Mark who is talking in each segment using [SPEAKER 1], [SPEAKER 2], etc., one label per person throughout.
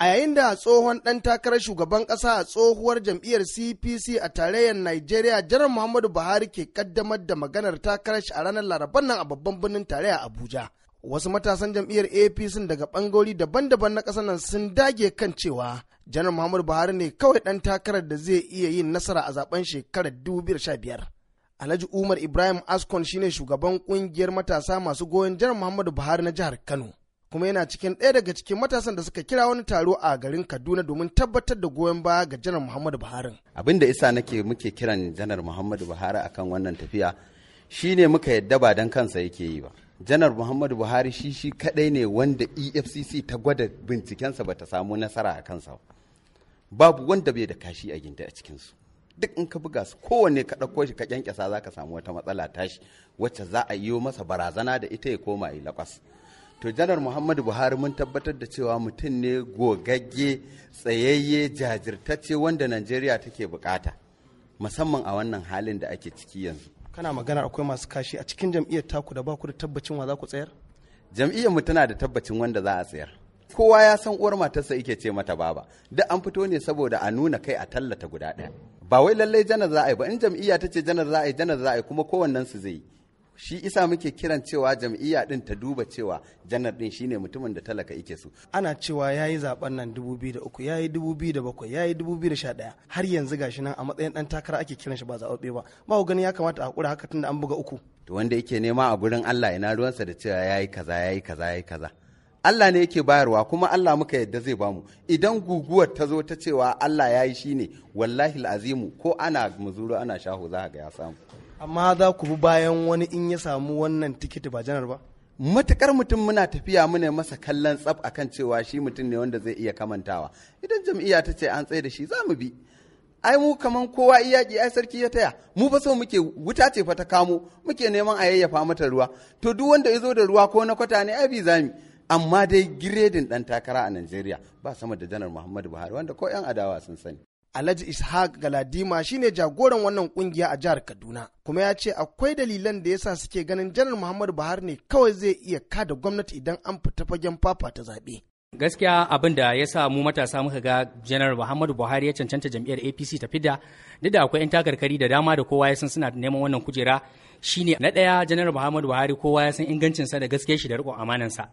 [SPEAKER 1] A yayin da tsohon ɗan takarar shugaban ƙasa a tsohuwar jam'iyyar CPC a tarayyar Najeriya, Janar Muhammadu Buhari ke ƙaddamar da maganar takarar shi a ranar Laraban nan a babban birnin tarayya Abuja. Wasu matasan jam'iyyar APC daga ɓangarori daban-daban na ƙasar nan sun dage kan cewa Janar Muhammadu Buhari ne kawai ɗan takarar da zai iya yin nasara a zaben shekarar 2015. Alhaji Umar Ibrahim Askon shine shugaban ƙungiyar matasa masu goyon Janar Muhammadu Buhari na jihar Kano. kuma yana cikin ɗaya daga cikin matasan da suka kira wani taro a garin Kaduna domin tabbatar da goyon baya ga Janar Muhammadu Buhari.
[SPEAKER 2] Abin da isa nake muke kiran Janar Muhammadu Buhari akan wannan tafiya shine muka yadda ba dan kansa yake yi ba. Janar Muhammadu Buhari shi shi kadai ne wanda EFCC ta gwada bincikensa ba ta samu nasara a kansa babu wanda bai da kashi a ginda a cikinsu. duk in ka buga su kowanne ka ɗauko shi ka kyankyasa za ka samu wata matsala tashi wacce za a yi masa barazana da ita ya koma yi lakwas to janar muhammadu buhari mun tabbatar da cewa mutum ne gogagge tsayayye jajirtacce wanda najeriya take bukata musamman a wannan halin da ake ciki yanzu
[SPEAKER 1] kana magana akwai masu kashi a cikin jam'iyyar taku da baku da tabbacin wa za ku tsayar
[SPEAKER 2] jam'iyyar mu tana da tabbacin wanda za a tsayar
[SPEAKER 1] kowa ya san uwar matarsa
[SPEAKER 2] yake ce mata baba duk an fito ne saboda a nuna kai a tallata guda ɗaya ba wai lallai janar za a yi ba in jam'iyya ta ce janar za a yi janar za a yi kuma kowannen su zai yi shi isa muke kiran cewa jam'iyya din ta duba cewa janar din shine mutumin da talaka ike so
[SPEAKER 1] ana cewa yayi zaben nan 2003 yayi 2007 yayi 2011 har yanzu gashi nan a matsayin dan takara ake kiran shi ba zaɓaɓɓe ba ba ku gani ya kamata a hakura haka tunda an buga uku
[SPEAKER 2] to wanda yake nema a gurin Allah ina ruwansa da cewa yayi kaza yayi kaza yayi kaza Allah ne yake bayarwa kuma Allah muka yadda zai bamu idan guguwar ta zo ta cewa Allah ya yi shi ne wallahi azimu ko ana muzuru ana shaho za ga ya samu
[SPEAKER 1] amma za ku bi bayan wani in ya samu wannan tikiti ba janar
[SPEAKER 2] ba matukar mutum muna tafiya mune masa kallon tsaf akan cewa shi mutum ne wanda zai iya kamantawa idan jam'iyya ta ce an tsaye da shi za mu bi ai mu kaman kowa iyaki ai sarki ya taya mu fa so muke wuta ce fa ta kamo muke neman a yayyafa mata ruwa to duk wanda ya zo da ruwa ko na kwata ne ai bi zami amma dai giredin dan takara a Najeriya ba sama
[SPEAKER 1] da janar Muhammadu Buhari wanda ko 'yan adawa sun sani. Alhaji Ishaq Galadima shine jagoran wannan kungiya a jihar Kaduna kuma ya ce akwai dalilan da yasa suke ganin janar Muhammadu Buhari ne kawai zai iya kada gwamnati idan an fita fagen fafa ta zaɓe.
[SPEAKER 3] Gaskiya abin da ya sa mu matasa muka ga janar Muhammadu Buhari ya cancanta jam'iyyar APC ta fida duk da akwai 'yan takarkari da dama da kowa ya san suna neman wannan kujera shine na ɗaya janar Muhammadu Buhari kowa ya san ingancinsa da gaske shi da riƙon amanansa.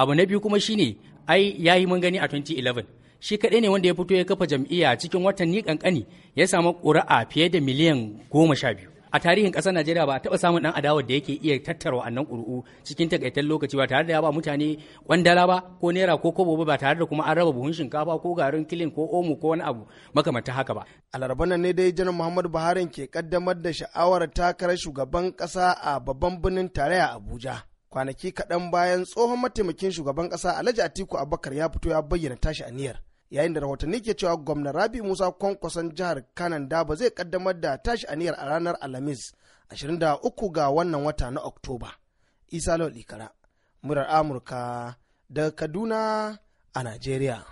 [SPEAKER 3] abu na biyu kuma shine ai yayi mun gani a 2011 shi kaɗai ne wanda ya fito ya kafa jam'iyya cikin watanni kankani ya samu ƙuri'a fiye da miliyan goma sha biyu a tarihin ƙasar Najeriya ba a taɓa samun ɗan adawar da yake iya tattara wa'annan ƙuri'u cikin takaitar lokaci ba tare da ya ba mutane kwandala ba ko naira ko kobo ba tare da kuma an raba buhun shinkafa ko garin kilin ko omo ko wani abu makamanta haka ba.
[SPEAKER 1] Alaraba ne dai janar Muhammadu Buhari ke kaddamar da sha'awar takarar shugaban ƙasa a babban birnin tarayya Abuja. kwanaki kaɗan bayan tsohon mataimakin shugaban ƙasa alhaji atiku abubakar ya fito ya bayyana tashi aniyar yayin da rahotanni ke cewa gwamna rabi musa kwankwason jihar kanan ba zai kaddamar da tashi aniyar a ranar alhamis 23 ga wannan wata na oktoba isa lalikara ikara murar amurka daga kaduna a najeriya